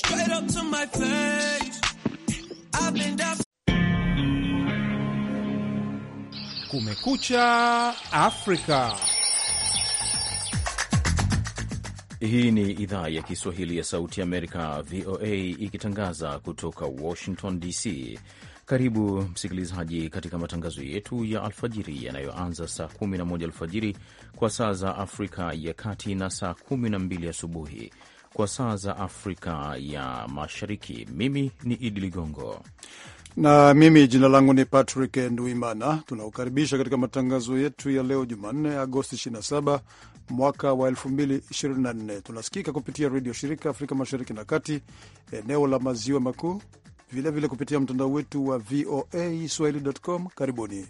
straight up to my face. I've been down... Kumekucha Afrika. Hii ni idhaa ya Kiswahili ya Sauti Amerika, VOA, ikitangaza kutoka Washington DC. Karibu msikilizaji, katika matangazo yetu ya alfajiri yanayoanza saa 11 alfajiri kwa saa za Afrika ya Kati na saa 12 asubuhi kwa saa za Afrika ya Mashariki. Mimi ni Idi Ligongo na mimi jina langu ni Patrick Nduimana. Tunakukaribisha katika matangazo yetu ya leo Jumanne, Agosti 27 mwaka wa 2024. Tunasikika kupitia redio shirika Afrika Mashariki na Kati, eneo la maziwa makuu, vilevile kupitia mtandao wetu wa VOA Swahili.com. Karibuni.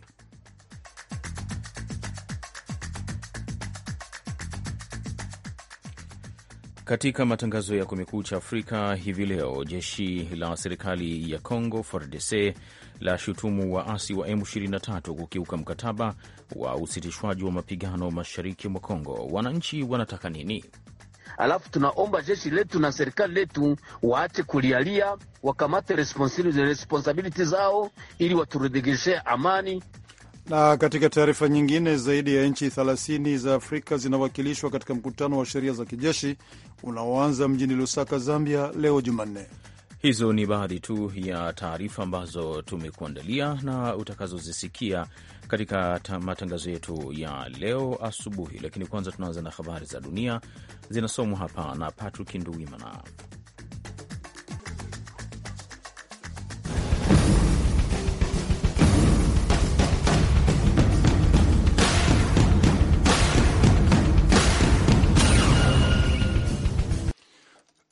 Katika matangazo ya Kumekucha Afrika hivi leo, jeshi la serikali ya Congo FARDC la shutumu waasi wa M23 kukiuka mkataba wa usitishwaji wa mapigano mashariki mwa Congo. Wananchi wanataka nini? Alafu tunaomba jeshi letu na serikali letu waache kulialia, wakamate responsability zao ili waturejeshe amani. Na katika taarifa nyingine, zaidi ya nchi 30 za Afrika zinawakilishwa katika mkutano wa sheria za kijeshi unaoanza mjini Lusaka, Zambia, leo Jumanne. Hizo ni baadhi tu ya taarifa ambazo tumekuandalia na utakazozisikia katika matangazo yetu ya leo asubuhi, lakini kwanza tunaanza na habari za dunia zinasomwa hapa na Patrick Nduwimana.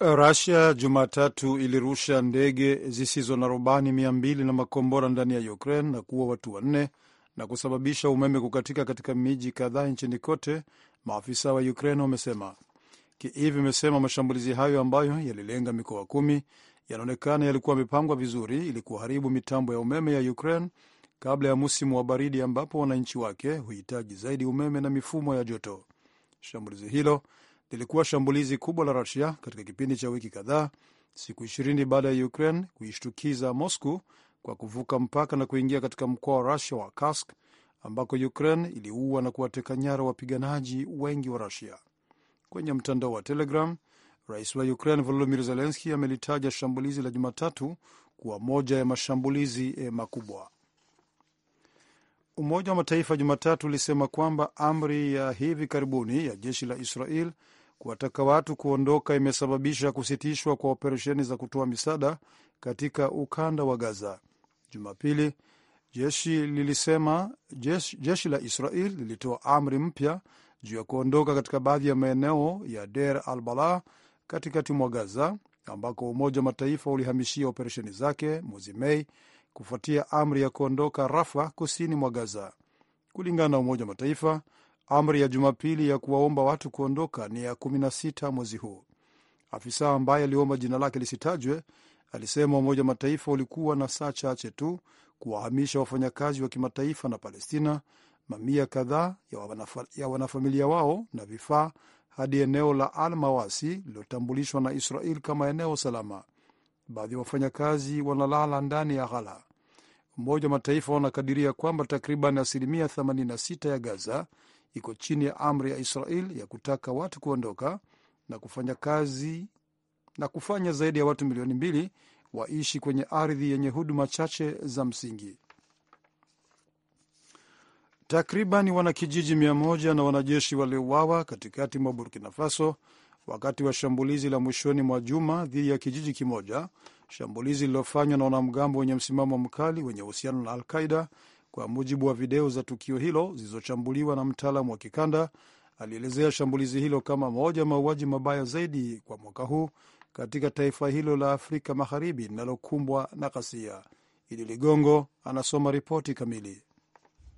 Rusia Jumatatu ilirusha ndege zisizo na rubani mia mbili na makombora ndani ya Ukraine na kuua watu wanne na kusababisha umeme kukatika katika miji kadhaa nchini kote, maafisa wa Ukraine wamesema. Kiev imesema mashambulizi hayo ambayo yalilenga mikoa kumi yanaonekana yalikuwa yamepangwa vizuri ili kuharibu mitambo ya umeme ya Ukraine kabla ya msimu wa baridi ambapo wananchi wake huhitaji zaidi umeme na mifumo ya joto. Shambulizi hilo lilikuwa shambulizi kubwa la Rusia katika kipindi cha wiki kadhaa, siku ishirini baada ya Ukraine kuishtukiza Moscow kwa kuvuka mpaka na kuingia katika mkoa wa Rusia wa Kursk ambako Ukraine iliua na kuwateka nyara wapiganaji wengi wa Rusia. Kwenye mtandao wa Telegram, rais wa Ukraine Volodimir Zelenski amelitaja shambulizi la Jumatatu kuwa moja ya mashambulizi eh, makubwa. Umoja wa Mataifa Jumatatu ulisema kwamba amri ya hivi karibuni ya jeshi la Israel kuwataka watu kuondoka imesababisha kusitishwa kwa operesheni za kutoa misaada katika ukanda wa Gaza. Jumapili jeshi lilisema jeshi, jeshi la Israel lilitoa amri mpya juu ya kuondoka katika baadhi ya maeneo ya Der al Balah katikati mwa Gaza ambako Umoja wa Mataifa ulihamishia operesheni zake mwezi Mei kufuatia amri ya kuondoka Rafa kusini mwa Gaza. Kulingana na Umoja wa Mataifa, Amri ya Jumapili ya kuwaomba watu kuondoka ni ya 16 mwezi huu. Afisa ambaye aliomba jina lake lisitajwe alisema Umoja wa Mataifa ulikuwa na saa chache tu kuwahamisha wafanyakazi wa kimataifa na Palestina, mamia kadhaa ya wanafamilia wao na vifaa hadi eneo la Al Mawasi lililotambulishwa na Israel kama eneo salama. Baadhi ya wafanyakazi wanalala ndani ya ghala. Umoja wa Mataifa wanakadiria kwamba takriban asilimia 86 ya Gaza iko chini ya amri ya Israel ya kutaka watu kuondoka na kufanya kazi na kufanya zaidi ya watu milioni mbili waishi kwenye ardhi yenye huduma chache za msingi. Takriban wanakijiji mia moja na wanajeshi waliouawa katikati mwa Burkina Faso wakati wa shambulizi la mwishoni mwa juma dhidi ya kijiji kimoja, shambulizi lililofanywa na wanamgambo wenye msimamo mkali wenye uhusiano na Alqaida kwa mujibu wa video za tukio hilo zilizochambuliwa na mtaalamu wa kikanda, alielezea shambulizi hilo kama moja mauaji mabaya zaidi kwa mwaka huu katika taifa hilo la Afrika Magharibi linalokumbwa na ghasia. Idi Ligongo anasoma ripoti kamili.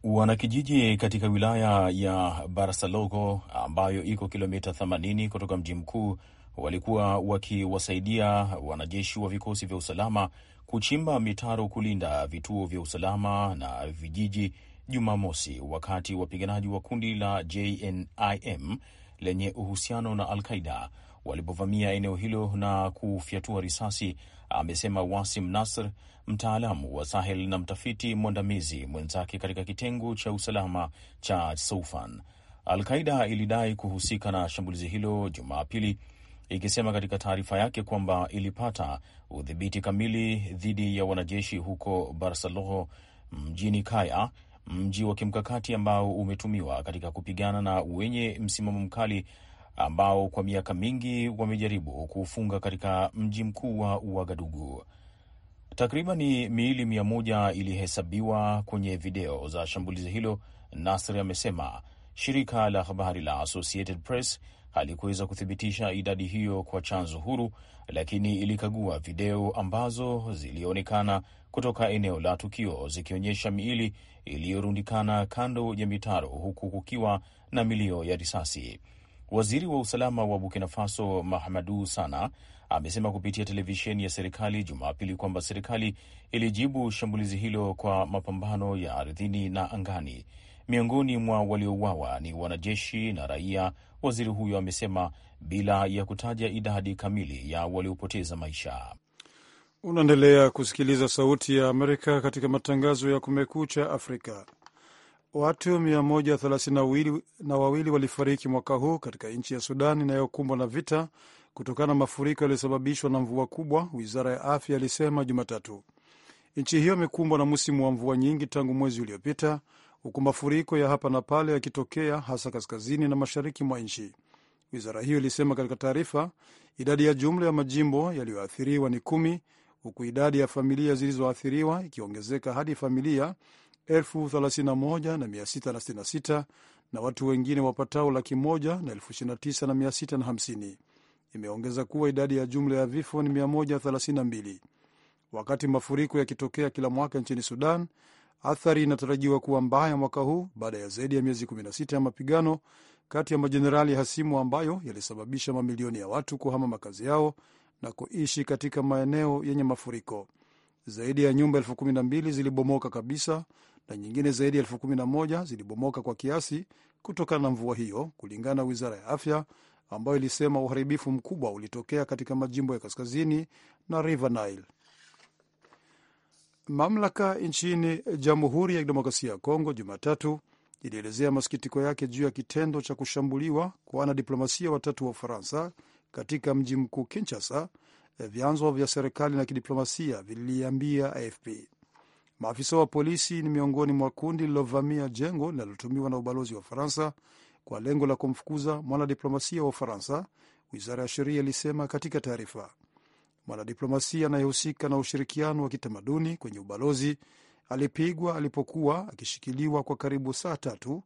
Wanakijiji katika wilaya ya Barsalogho ambayo iko kilomita 80 kutoka mji mkuu walikuwa wakiwasaidia wanajeshi wa vikosi vya usalama kuchimba mitaro kulinda vituo vya usalama na vijiji Jumamosi, wakati wapiganaji wa kundi la JNIM lenye uhusiano na Al Qaida walipovamia eneo hilo na kufyatua risasi, amesema Wasim Nasr, mtaalamu wa Sahel na mtafiti mwandamizi mwenzake katika kitengo cha usalama cha Soufan. Al-Qaida ilidai kuhusika na shambulizi hilo Jumapili, ikisema katika taarifa yake kwamba ilipata udhibiti kamili dhidi ya wanajeshi huko Barsalogho, mjini Kaya, mji wa kimkakati ambao umetumiwa katika kupigana na wenye msimamo mkali ambao kwa miaka mingi wamejaribu kufunga katika mji mkuu wa Uagadugu. Takriban miili mia moja ilihesabiwa kwenye video za shambulizi hilo, Nasri amesema. Shirika la habari la Associated Press halikuweza kuthibitisha idadi hiyo kwa chanzo huru, lakini ilikagua video ambazo zilionekana kutoka eneo la tukio zikionyesha miili iliyorundikana kando ya mitaro, huku kukiwa na milio ya risasi. Waziri wa usalama wa Burkina Faso Mahamadu Sana amesema kupitia televisheni ya serikali Jumapili kwamba serikali ilijibu shambulizi hilo kwa mapambano ya ardhini na angani. Miongoni mwa waliouawa ni wanajeshi na raia, waziri huyo amesema, bila ya kutaja idadi kamili ya waliopoteza maisha. Unaendelea kusikiliza Sauti ya Amerika katika matangazo ya Kumekucha Afrika. Watu 132 na wawili walifariki mwaka huu katika nchi ya Sudan inayokumbwa na vita kutokana na mafuriko yaliyosababishwa na mvua kubwa, wizara ya afya ilisema Jumatatu. Nchi hiyo imekumbwa na msimu wa mvua nyingi tangu mwezi uliopita, huku mafuriko ya hapa na pale yakitokea hasa kaskazini na mashariki mwa nchi. Wizara hiyo ilisema katika taarifa, idadi ya jumla ya majimbo yaliyoathiriwa ni kumi, huku idadi ya familia zilizoathiriwa ikiongezeka hadi familia 31,666 na watu wengine wapatao laki moja na elfu ishirini na tisa na mia sita na hamsini. Imeongeza kuwa idadi ya jumla ya vifo ni 132. Wakati mafuriko yakitokea kila mwaka nchini Sudan, athari inatarajiwa kuwa mbaya mwaka huu baada ya zaidi ya miezi 16 ya mapigano kati ya majenerali hasimu ambayo yalisababisha mamilioni ya watu kuhama makazi yao na kuishi katika maeneo yenye mafuriko. Zaidi ya nyumba elfu kumi na mbili zilibomoka kabisa na nyingine zaidi ya elfu kumi na moja zilibomoka kwa kiasi kutokana na mvua hiyo, kulingana na wizara ya afya ambayo ilisema uharibifu mkubwa ulitokea katika majimbo ya kaskazini na River Nile. Mamlaka nchini Jamhuri ya Kidemokrasia ya Kongo Jumatatu ilielezea masikitiko yake juu ya kitendo cha kushambuliwa kwa wanadiplomasia watatu wa Ufaransa katika mji mkuu Kinshasa, eh, vyanzo vya serikali na kidiplomasia viliambia AFP. Maafisa wa polisi ni miongoni mwa kundi lililovamia jengo linalotumiwa na ubalozi wa Ufaransa kwa lengo la kumfukuza mwanadiplomasia wa Ufaransa, wizara ya sheria ilisema katika taarifa. Mwanadiplomasia anayehusika na ushirikiano wa kitamaduni kwenye ubalozi alipigwa alipokuwa akishikiliwa kwa karibu saa tatu,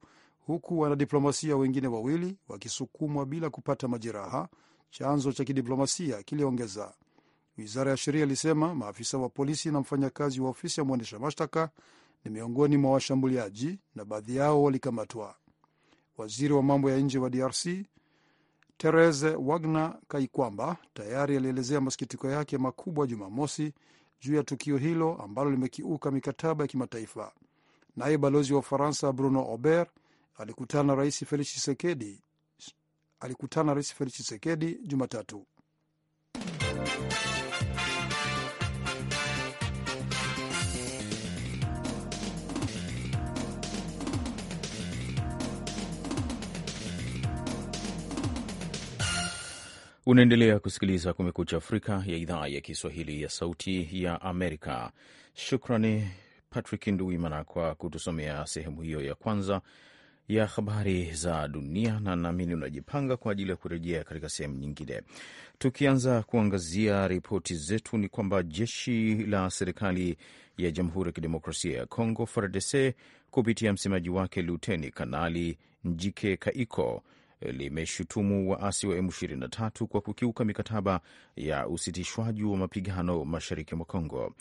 huku wanadiplomasia wengine wawili wakisukumwa bila kupata majeraha, chanzo cha kidiplomasia kiliongeza. Wizara ya sheria ilisema maafisa wa polisi na mfanyakazi wa ofisi ya mwendesha mashtaka ni miongoni mwa washambuliaji na baadhi yao walikamatwa. Waziri wa mambo ya nje wa DRC Therese Wagner Kaikwamba tayari alielezea masikitiko yake makubwa Jumamosi juu ya tukio hilo ambalo limekiuka mikataba ya kimataifa. Naye balozi wa Ufaransa Bruno Aubert alikutana rais Felix Tshisekedi alikutana rais Felix Tshisekedi Jumatatu. Unaendelea kusikiliza Kumekucha Afrika ya idhaa ya Kiswahili ya Sauti ya Amerika. Shukrani Patrick nduimana kwa kutusomea sehemu hiyo ya kwanza ya habari za dunia, na naamini unajipanga kwa ajili ya kurejea katika sehemu nyingine. Tukianza kuangazia ripoti zetu, ni kwamba jeshi la serikali ya Jamhuri ya Kidemokrasia ya Kongo, FARDC, kupitia msemaji wake Luteni Kanali Njike Kaiko limeshutumu waasi wa M23 kwa kukiuka mikataba ya usitishwaji wa mapigano mashariki mwa Kongo.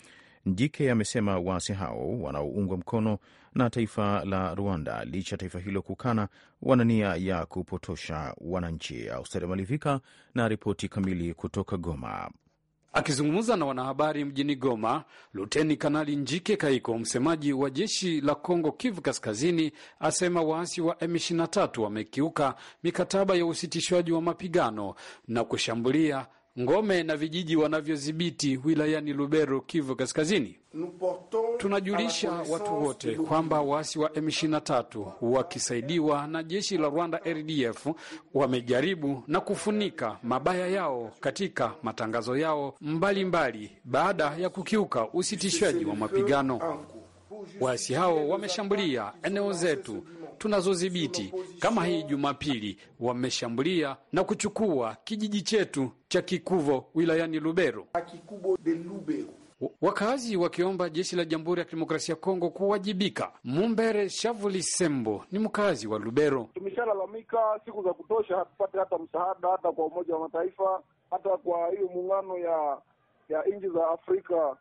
Njike amesema waasi hao wanaoungwa mkono na taifa la Rwanda, licha ya taifa hilo kukana, wana nia ya kupotosha wananchi. Austeri Malivika na ripoti kamili kutoka Goma. Akizungumza na wanahabari mjini Goma, Luteni Kanali Njike Kaiko, msemaji wa jeshi la Kongo Kivu Kaskazini, asema waasi wa M23 wamekiuka mikataba ya usitishwaji wa mapigano na kushambulia ngome na vijiji wanavyodhibiti wilayani Lubero, Kivu Kaskazini. Tunajulisha watu wote kwamba waasi wa M23 wakisaidiwa na jeshi la Rwanda RDF wamejaribu na kufunika mabaya yao katika matangazo yao mbalimbali mbali, baada ya kukiuka usitishaji wa mapigano. Waasi hao wameshambulia eneo zetu tunazodhibiti kama hii Jumapili wameshambulia na kuchukua kijiji chetu cha Kikuvo wilayani Lubero. Wakazi wakiomba jeshi la Jamhuri ya Kidemokrasia ya Kongo kuwajibika. Mumbere Shavuli Sembo ni mkazi wa Lubero. Tumeshalalamika siku za kutosha, hatupate hata msaada hata kwa Umoja wa Mataifa hata kwa hiyo muungano ya ya nchi za Afrika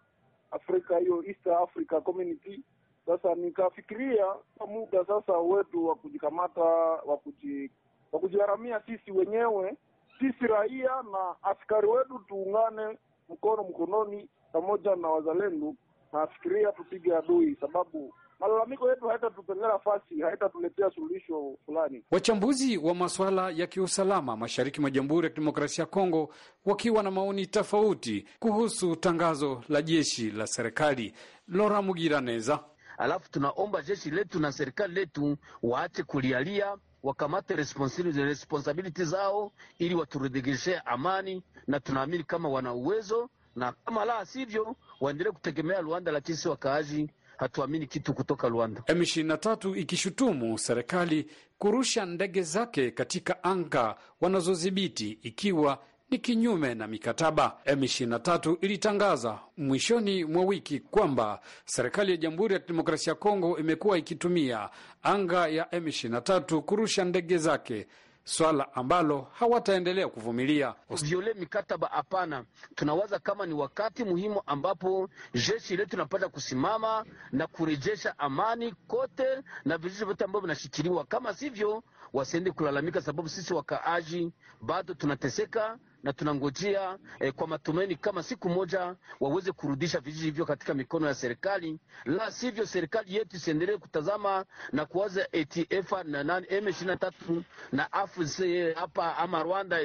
Afrika hiyo East Africa Community sasa nikafikiria muda sasa wetu wa kujikamata wa kuji, wa kujiharamia sisi wenyewe, sisi raia na askari wetu, tuungane mkono mkononi pamoja na wazalendo. Nafikiria tupige adui, sababu malalamiko yetu haitatupengea nafasi, haitatuletea suluhisho fulani. Wachambuzi wa masuala ya kiusalama mashariki mwa Jamhuri ya Kidemokrasia ya Kongo wakiwa na maoni tofauti kuhusu tangazo la jeshi la serikali. Lora Mugiraneza alafu tunaomba jeshi letu na serikali letu waache kulialia wakamate responsibility zao ili waturedigeshee amani, na tunaamini kama wana uwezo, na kama la sivyo waendelee kutegemea Rwanda, lakini si wakaaji hatuamini kitu kutoka Rwanda. M23 ikishutumu serikali kurusha ndege zake katika anga wanazodhibiti ikiwa ni kinyume na mikataba. M23 ilitangaza mwishoni mwa wiki kwamba serikali ya Jamhuri ya Kidemokrasia ya Kongo imekuwa ikitumia anga ya M23 kurusha ndege zake, swala ambalo hawataendelea kuvumilia viole mikataba. Hapana, tunawaza kama ni wakati muhimu ambapo jeshi letu linapata kusimama na kurejesha amani kote na vijiji vyote ambavyo vinashikiliwa. Kama sivyo, wasiende kulalamika, sababu sisi wakaaji bado tunateseka na tunangojea eh, kwa matumaini kama siku moja waweze kurudisha vijiji hivyo katika mikono ya serikali, la sivyo serikali yetu isiendelee kutazama na kuwaza ATF na M23 na AFC eh, hapa ama Rwanda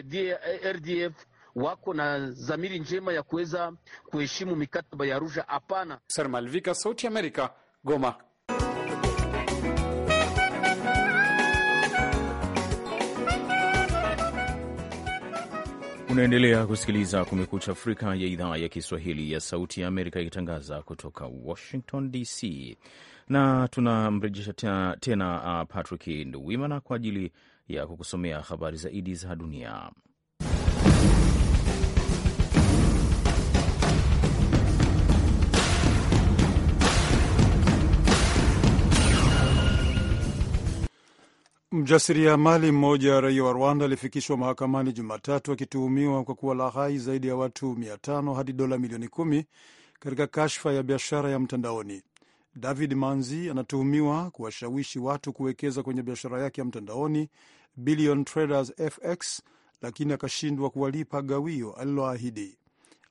RDF wako na zamiri njema ya kuweza kuheshimu mikataba ya Arusha. Hapana. Sauti ya Amerika, Goma. Unaendelea kusikiliza Kumekucha Afrika ya idhaa ya Kiswahili ya Sauti ya Amerika ikitangaza kutoka Washington DC, na tunamrejesha tena, tena uh, Patrick Nduwimana kwa ajili ya kukusomea habari zaidi za dunia. Mjasiriamali mmoja raia wa Rwanda alifikishwa mahakamani Jumatatu akituhumiwa kwa kuwa lahai zaidi ya watu 500 hadi dola milioni 10 katika kashfa ya biashara ya mtandaoni. David Manzi anatuhumiwa kuwashawishi watu kuwekeza kwenye biashara yake ya mtandaoni Billion Traders FX, lakini akashindwa kuwalipa gawio aliloahidi.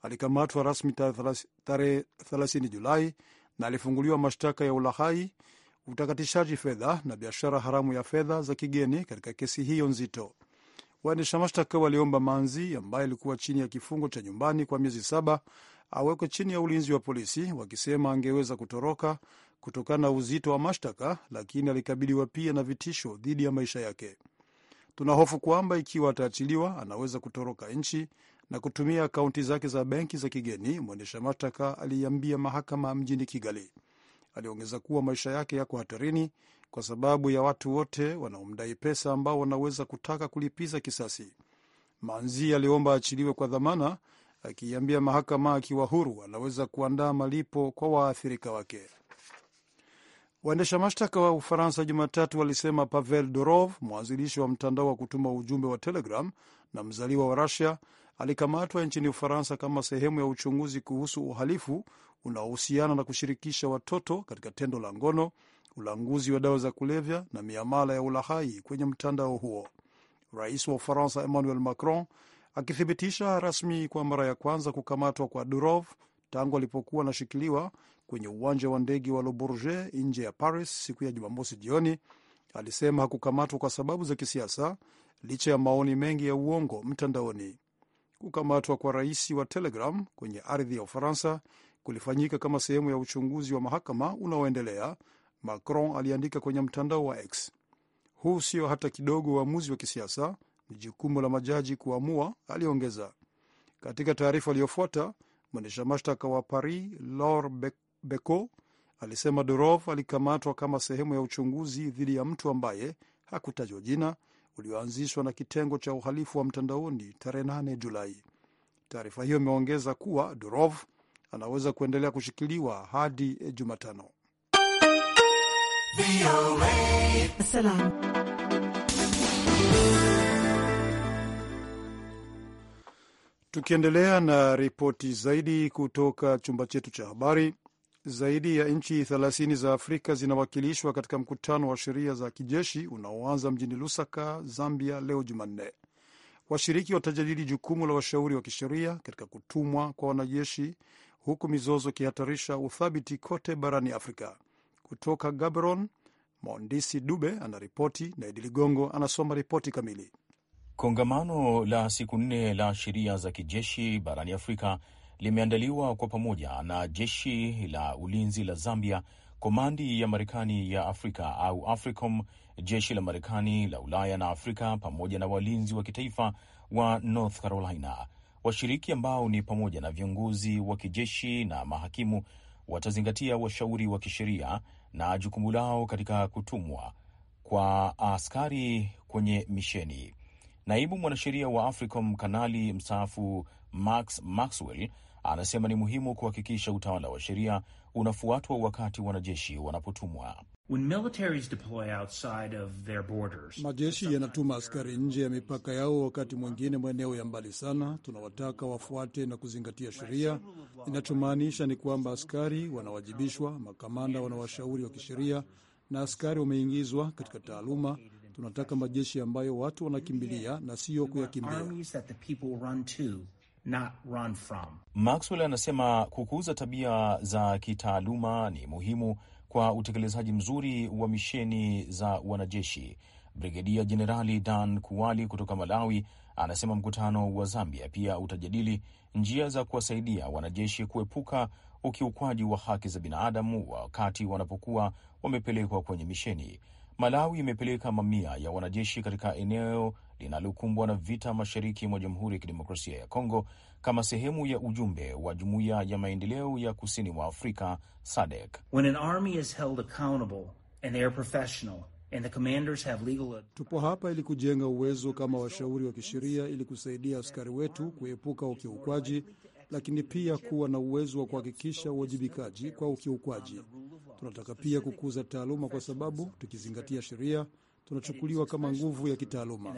Alikamatwa rasmi tarehe 30 Julai na alifunguliwa mashtaka ya ulahai utakatishaji fedha na biashara haramu ya fedha za kigeni katika kesi hiyo nzito. Waendesha mashtaka waliomba Manzi, ambaye alikuwa chini ya kifungo cha nyumbani kwa miezi saba, awekwe chini ya ulinzi wa polisi, wakisema angeweza kutoroka kutokana na uzito wa mashtaka, lakini alikabiliwa pia na vitisho dhidi ya maisha yake. Tuna hofu kwamba ikiwa ataachiliwa, anaweza kutoroka nchi na kutumia akaunti zake za benki za kigeni, mwendesha mashtaka aliiambia mahakama mjini Kigali. Aliongeza kuwa maisha yake yako hatarini kwa sababu ya watu wote wanaomdai pesa ambao wanaweza kutaka kulipiza kisasi. Manzi aliomba aachiliwe kwa dhamana, akiiambia mahakama akiwa huru anaweza kuandaa malipo kwa waathirika wake. Waendesha mashtaka wa Ufaransa Jumatatu walisema Pavel Dorov, mwanzilishi wa mtandao wa kutuma ujumbe wa Telegram na mzaliwa wa Rusia, alikamatwa nchini Ufaransa kama sehemu ya uchunguzi kuhusu uhalifu unaohusiana na kushirikisha watoto katika tendo la ngono, ulanguzi wa dawa za kulevya na miamala ya ulahai kwenye mtandao huo. Rais wa Ufaransa Emmanuel Macron akithibitisha rasmi kwa mara ya kwanza kukamatwa kwa Durov tangu alipokuwa anashikiliwa kwenye uwanja wa ndege wa Le Bourget nje ya Paris siku ya Jumamosi jioni, alisema hakukamatwa kwa sababu za kisiasa, licha ya maoni mengi ya uongo mtandaoni. Kukamatwa kwa rais wa Telegram kwenye ardhi ya Ufaransa kulifanyika kama sehemu ya uchunguzi wa mahakama unaoendelea, Macron aliandika kwenye mtandao wa X. Huu sio hata kidogo uamuzi wa kisiasa, ni jukumu la majaji kuamua, aliongeza. Katika taarifa aliyofuata mwendesha mashtaka wa Paris Laure beco alisema Durov alikamatwa kama sehemu ya uchunguzi dhidi ya mtu ambaye hakutajwa jina ulioanzishwa na kitengo cha uhalifu wa mtandaoni tarehe 8 Julai. Taarifa hiyo imeongeza kuwa Durov anaweza kuendelea kushikiliwa hadi eh, Jumatano. Tukiendelea na ripoti zaidi kutoka chumba chetu cha habari, zaidi ya nchi 30 za Afrika zinawakilishwa katika mkutano wa sheria za kijeshi unaoanza mjini Lusaka, Zambia, leo Jumanne. Washiriki watajadili jukumu la washauri wa kisheria katika kutumwa kwa wanajeshi huku mizozo ikihatarisha uthabiti kote barani Afrika. Kutoka gabron mwandisi Dube anaripoti na Idi Ligongo anasoma ripoti kamili. Kongamano la siku nne la sheria za kijeshi barani Afrika limeandaliwa kwa pamoja na jeshi la ulinzi la Zambia, komandi ya Marekani ya Afrika au AFRICOM, jeshi la Marekani la Ulaya na Afrika pamoja na walinzi wa kitaifa wa North Carolina. Washiriki ambao ni pamoja na viongozi wa kijeshi na mahakimu watazingatia washauri wa kisheria na jukumu lao katika kutumwa kwa askari kwenye misheni. Naibu mwanasheria wa AFRICOM kanali mstaafu Max Maxwell anasema ni muhimu kuhakikisha utawala wa sheria unafuatwa wakati wanajeshi wanapotumwa. Majeshi yanatuma askari nje ya mipaka yao, wakati mwingine maeneo ya mbali sana. Tunawataka wafuate na kuzingatia sheria. Inachomaanisha ni kwamba askari wanawajibishwa, makamanda wanawashauri wa kisheria, na askari wameingizwa katika taaluma. Tunataka majeshi ambayo watu wanakimbilia na siyo kuyakimbia. Maxwell anasema kukuza tabia za kitaaluma ni muhimu kwa utekelezaji mzuri wa misheni za wanajeshi. Brigedia Jenerali Dan Kuwali kutoka Malawi anasema mkutano wa Zambia pia utajadili njia za kuwasaidia wanajeshi kuepuka ukiukwaji wa haki za binadamu wakati wanapokuwa wamepelekwa kwenye misheni. Malawi imepeleka mamia ya wanajeshi katika eneo linalokumbwa na vita mashariki mwa Jamhuri ya Kidemokrasia ya Kongo kama sehemu ya ujumbe wa Jumuiya ya Maendeleo ya Kusini mwa Afrika SADC. Legal... tupo hapa ili kujenga uwezo kama washauri wa kisheria ili kusaidia askari wetu kuepuka ukiukwaji, lakini pia kuwa na uwezo wa kuhakikisha uwajibikaji kwa ukiukwaji. Tunataka pia kukuza taaluma, kwa sababu tukizingatia sheria tunachukuliwa kama nguvu ya kitaaluma.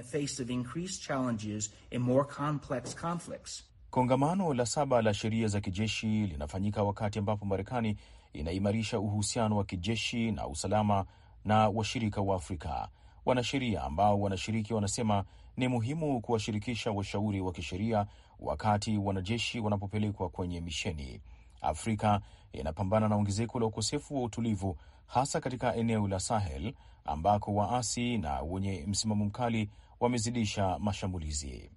Kongamano la saba la sheria za kijeshi linafanyika wakati ambapo Marekani inaimarisha uhusiano wa kijeshi na usalama na washirika wa Afrika. Wanasheria ambao wanashiriki wanasema ni muhimu kuwashirikisha washauri wa kisheria wakati wanajeshi wanapopelekwa kwenye misheni. Afrika inapambana na ongezeko la ukosefu wa utulivu hasa katika eneo la Sahel ambako waasi na wenye msimamo mkali wamezidisha mashambulizi.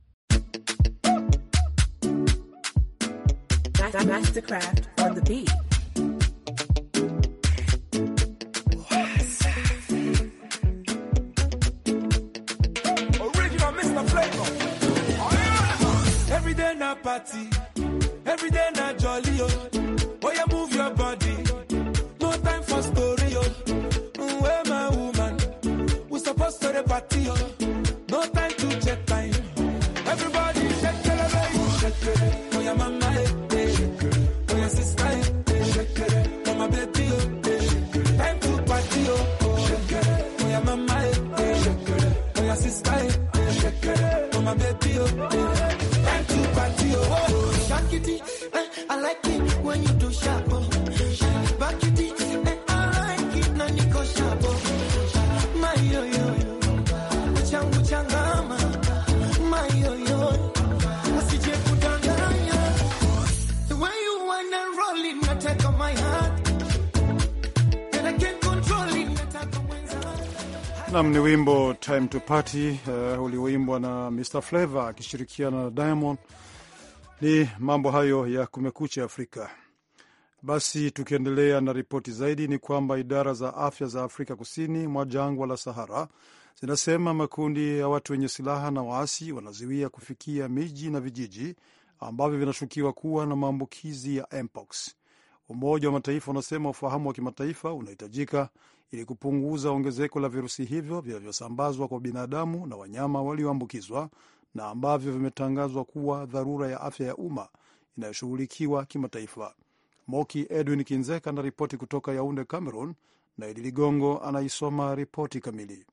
Mastercraft on the beat. Original Mr. Flavor. Every day na party, every day na jolly. Oh. Nam ni wimbo time to party uh, eh, ulioimbwa na Mr Flavour akishirikiana na Diamond. Ni mambo hayo ya Kumekucha Afrika. Basi tukiendelea na ripoti zaidi, ni kwamba idara za afya za Afrika kusini mwa jangwa la Sahara zinasema makundi ya watu wenye silaha na waasi wanazuia kufikia miji na vijiji ambavyo vinashukiwa kuwa na maambukizi ya mpox. Umoja wa Mataifa unasema ufahamu wa kimataifa unahitajika ili kupunguza ongezeko la virusi hivyo vinavyosambazwa kwa binadamu na wanyama walioambukizwa na ambavyo vimetangazwa kuwa dharura ya afya ya umma inayoshughulikiwa kimataifa. Moki Edwin Kinzeka anaripoti kutoka Yaunde, Cameroon, na Idi Ligongo anaisoma ripoti kamili.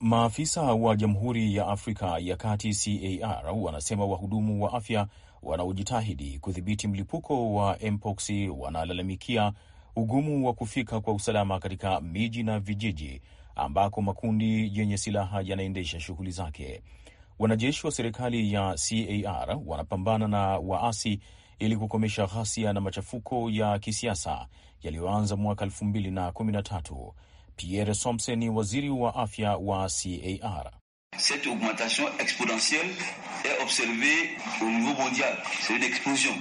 Maafisa wa Jamhuri ya Afrika ya Kati CAR wanasema wahudumu wa afya wanaojitahidi kudhibiti mlipuko wa mpox wanalalamikia ugumu wa kufika kwa usalama katika miji na vijiji ambako makundi yenye silaha yanaendesha shughuli zake. Wanajeshi wa serikali ya CAR wanapambana na waasi ili kukomesha ghasia na machafuko ya kisiasa yaliyoanza mwaka 2013. Pierre Somse ni waziri wa afya wa CAR. Cette augmentation exponentielle est observé au niveau mondial, c'est explosion.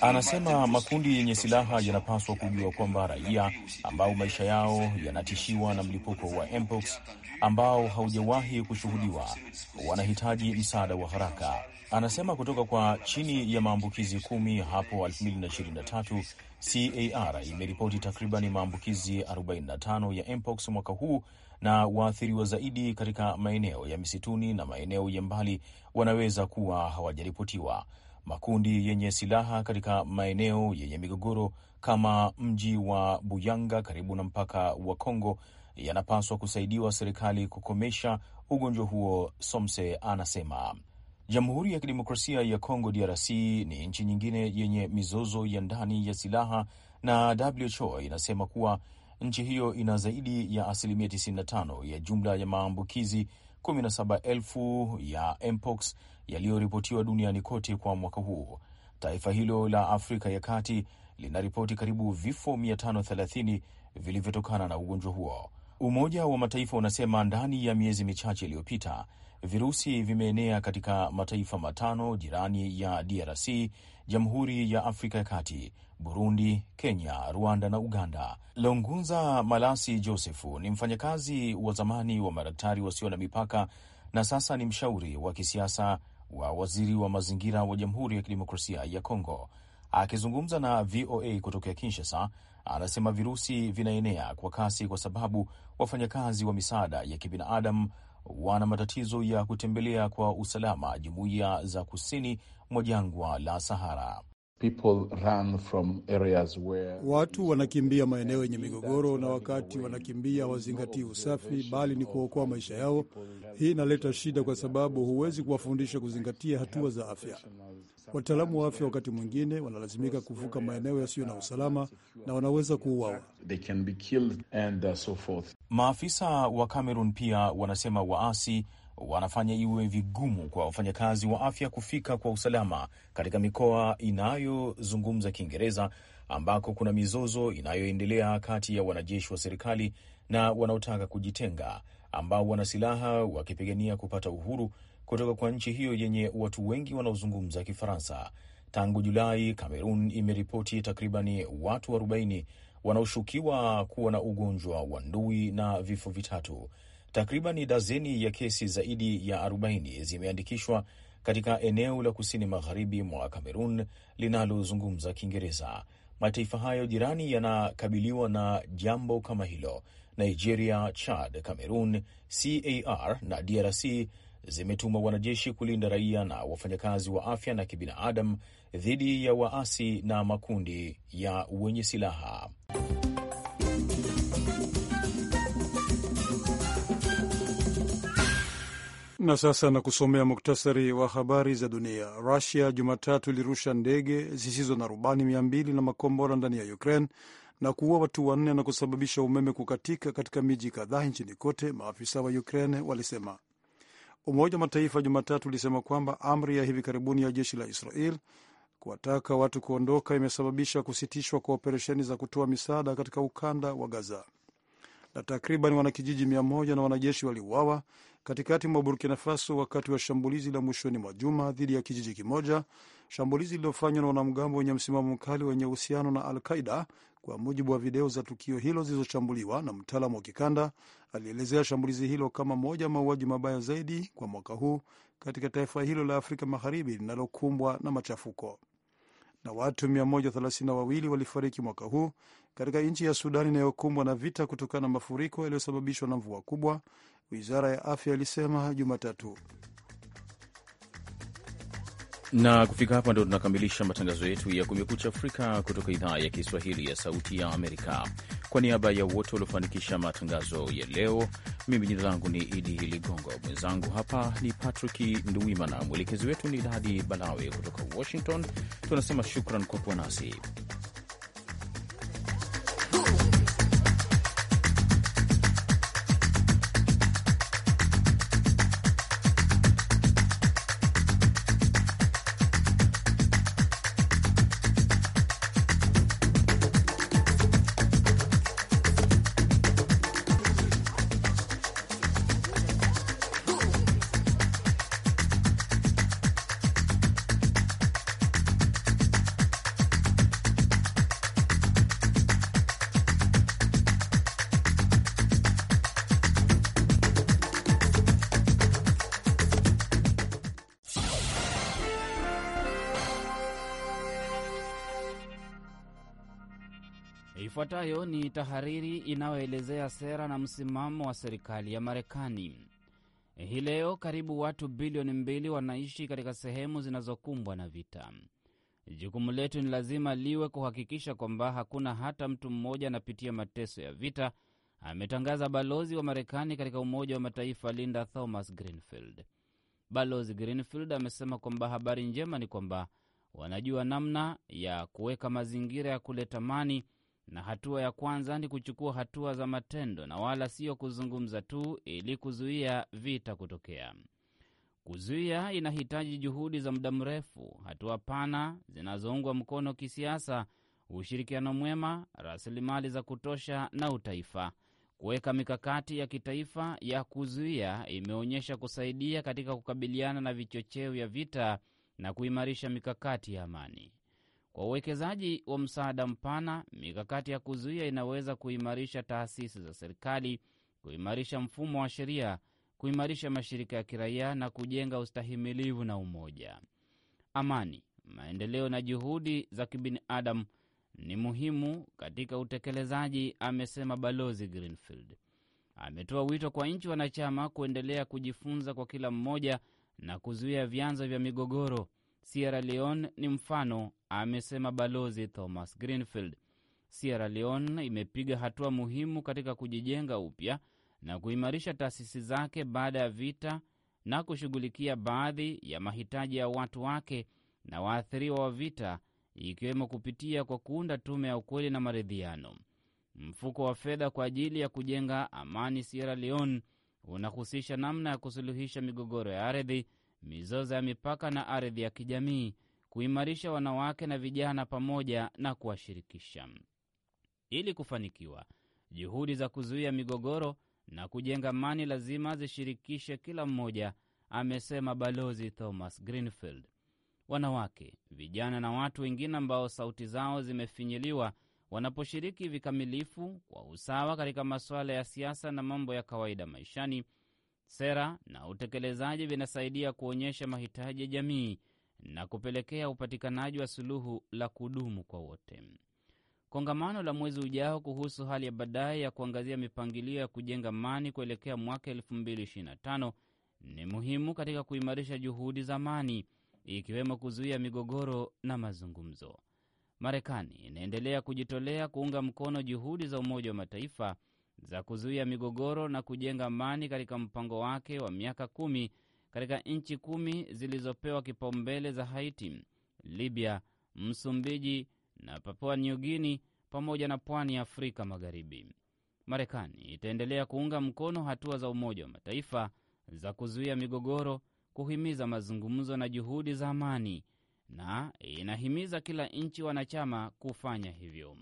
Anasema makundi yenye silaha yanapaswa kujua kwamba raia ambao maisha yao yanatishiwa na mlipuko wa mpox ambao haujawahi kushuhudiwa wanahitaji msaada wa haraka. Anasema kutoka kwa chini ya maambukizi kumi hapo 2023 CAR imeripoti takriban maambukizi 45 ya mpox mwaka huu, na waathiriwa zaidi katika maeneo ya misituni na maeneo ya mbali wanaweza kuwa hawajaripotiwa. Makundi yenye silaha katika maeneo yenye migogoro kama mji wa Buyanga karibu na mpaka wa Kongo yanapaswa kusaidiwa serikali kukomesha ugonjwa huo, Somse anasema. Jamhuri ya Kidemokrasia ya Kongo DRC ni nchi nyingine yenye mizozo ya ndani ya silaha na WHO inasema kuwa nchi hiyo ina zaidi ya asilimia 95 ya jumla ya maambukizi 17,000 ya mpox yaliyoripotiwa duniani kote kwa mwaka huu. Taifa hilo la Afrika ya Kati linaripoti karibu vifo 530 vilivyotokana na ugonjwa huo. Umoja wa Mataifa unasema ndani ya miezi michache iliyopita Virusi vimeenea katika mataifa matano jirani ya DRC, Jamhuri ya Afrika ya Kati, Burundi, Kenya, Rwanda na Uganda. Longunza Malasi Josefu ni mfanyakazi wa zamani wa Madaktari Wasio na Mipaka na sasa ni mshauri wa kisiasa wa waziri wa mazingira wa Jamhuri ya Kidemokrasia ya Kongo. Akizungumza na VOA kutokea Kinshasa, anasema virusi vinaenea kwa kasi kwa sababu wafanyakazi wa misaada ya kibinadamu wana matatizo ya kutembelea kwa usalama jumuiya za kusini mwa jangwa la Sahara watu wanakimbia maeneo yenye migogoro, na wakati wanakimbia hawazingatii usafi, bali ni kuokoa maisha yao. Hii inaleta shida, kwa sababu huwezi kuwafundisha kuzingatia hatua za afya. Wataalamu wa afya wakati mwingine wanalazimika kuvuka maeneo yasiyo na usalama na wanaweza kuuawa. Uh, Maafisa wa Cameroon pia wanasema waasi wanafanya iwe vigumu kwa wafanyakazi wa afya kufika kwa usalama katika mikoa inayozungumza Kiingereza ambako kuna mizozo inayoendelea kati ya wanajeshi wa serikali na wanaotaka kujitenga ambao wana silaha wakipigania kupata uhuru kutoka kwa nchi hiyo yenye watu wengi wanaozungumza Kifaransa. Tangu Julai, Kamerun imeripoti takribani watu 40 wanaoshukiwa kuwa na ugonjwa wa ndui na vifo vitatu. Takriban dazeni ya kesi zaidi ya 40 zimeandikishwa katika eneo la kusini magharibi mwa Kamerun linalozungumza Kiingereza. Mataifa hayo jirani yanakabiliwa na jambo kama hilo. Nigeria, Chad, Cameroon, CAR na DRC zimetuma wanajeshi kulinda raia na wafanyakazi wa afya na kibinadamu dhidi ya waasi na makundi ya wenye silaha. Na sasa na kusomea muktasari wa habari za dunia. Rusia Jumatatu ilirusha ndege zisizo na rubani mia mbili na makombora ndani ya Ukraine na kuua watu wanne na kusababisha umeme kukatika katika miji kadhaa nchini kote, maafisa wa Ukraine walisema. Umoja wa Mataifa Jumatatu ulisema kwamba amri ya hivi karibuni ya jeshi la Israel kuwataka watu kuondoka imesababisha kusitishwa kwa operesheni za kutoa misaada katika ukanda wa Gaza na takriban wanakijiji mia moja na wanajeshi waliuawa katikati mwa Burkina Faso wakati wa shambulizi la mwishoni mwa juma dhidi ya kijiji kimoja, shambulizi lililofanywa na wanamgambo wenye msimamo mkali wenye uhusiano na Al Qaida, kwa mujibu wa video za tukio hilo zilizochambuliwa na mtaalamu wa kikanda alielezea shambulizi hilo kama moja mauaji mabaya zaidi kwa mwaka huu katika taifa hilo la Afrika Magharibi linalokumbwa na machafuko. Na watu 132 walifariki mwaka huu katika nchi ya Sudan inayokumbwa na vita kutokana na mafuriko yaliyosababishwa na mvua kubwa, wizara ya afya ilisema Jumatatu. Na kufika hapa ndo tunakamilisha matangazo yetu ya Kumekucha Afrika kutoka idhaa ya Kiswahili ya Sauti ya Amerika. Kwa niaba ya wote waliofanikisha matangazo ya leo, mimi jina langu ni Idi Ligongo, mwenzangu hapa ni Patrick Nduwimana, mwelekezi wetu ni Dadi Balawe kutoka Washington. Tunasema shukran kwa kuwa nasi. Ifuatayo ni tahariri inayoelezea sera na msimamo wa serikali ya Marekani. Hii leo karibu watu bilioni mbili wanaishi katika sehemu zinazokumbwa na vita. Jukumu letu ni lazima liwe kuhakikisha kwamba hakuna hata mtu mmoja anapitia mateso ya vita, ametangaza balozi wa Marekani katika Umoja wa Mataifa Linda Thomas Greenfield. Balozi Greenfield amesema kwamba habari njema ni kwamba wanajua namna ya kuweka mazingira ya kuleta amani na hatua ya kwanza ni kuchukua hatua za matendo na wala sio kuzungumza tu, ili kuzuia vita kutokea. Kuzuia inahitaji juhudi za muda mrefu, hatua pana zinazoungwa mkono kisiasa, ushirikiano mwema, rasilimali za kutosha na utaifa. Kuweka mikakati ya kitaifa ya kuzuia imeonyesha kusaidia katika kukabiliana na vichocheo vya vita na kuimarisha mikakati ya amani. Kwa uwekezaji wa msaada mpana, mikakati ya kuzuia inaweza kuimarisha taasisi za serikali, kuimarisha mfumo wa sheria, kuimarisha mashirika ya kiraia na kujenga ustahimilivu na umoja. Amani, maendeleo na juhudi za kibinadamu ni muhimu katika utekelezaji, amesema Balozi Greenfield. Ametoa wito kwa nchi wanachama kuendelea kujifunza kwa kila mmoja na kuzuia vyanzo vya migogoro. Sierra Leone ni mfano amesema Balozi Thomas Greenfield. Sierra Leone imepiga hatua muhimu katika kujijenga upya na kuimarisha taasisi zake baada ya vita na kushughulikia baadhi ya mahitaji ya watu wake na waathiriwa wa vita, ikiwemo kupitia kwa kuunda tume ya ukweli na maridhiano. Mfuko wa fedha kwa ajili ya kujenga amani Sierra Leone unahusisha namna ya kusuluhisha migogoro ya ardhi, mizozo ya mipaka na ardhi ya kijamii kuimarisha wanawake na vijana pamoja na kuwashirikisha ili kufanikiwa. Juhudi za kuzuia migogoro na kujenga amani lazima zishirikishe kila mmoja, amesema Balozi Thomas Greenfield. Wanawake, vijana na watu wengine ambao sauti zao zimefinyiliwa wanaposhiriki vikamilifu kwa usawa katika masuala ya siasa na mambo ya kawaida maishani, sera na utekelezaji vinasaidia kuonyesha mahitaji ya jamii na kupelekea upatikanaji wa suluhu la kudumu kwa wote. Kongamano la mwezi ujao kuhusu hali ya baadaye ya kuangazia mipangilio ya kujenga amani kuelekea mwaka 2025 ni muhimu katika kuimarisha juhudi za amani, ikiwemo kuzuia migogoro na mazungumzo. Marekani inaendelea kujitolea kuunga mkono juhudi za Umoja wa Mataifa za kuzuia migogoro na kujenga amani katika mpango wake wa miaka kumi katika nchi kumi zilizopewa kipaumbele za Haiti, Libya, Msumbiji na Papua New Guinea pamoja na pwani ya Afrika Magharibi. Marekani itaendelea kuunga mkono hatua za Umoja wa Mataifa za kuzuia migogoro, kuhimiza mazungumzo na juhudi za amani, na inahimiza kila nchi wanachama kufanya hivyo.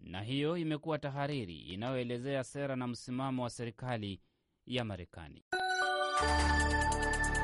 Na hiyo imekuwa tahariri inayoelezea sera na msimamo wa serikali ya Marekani. うん。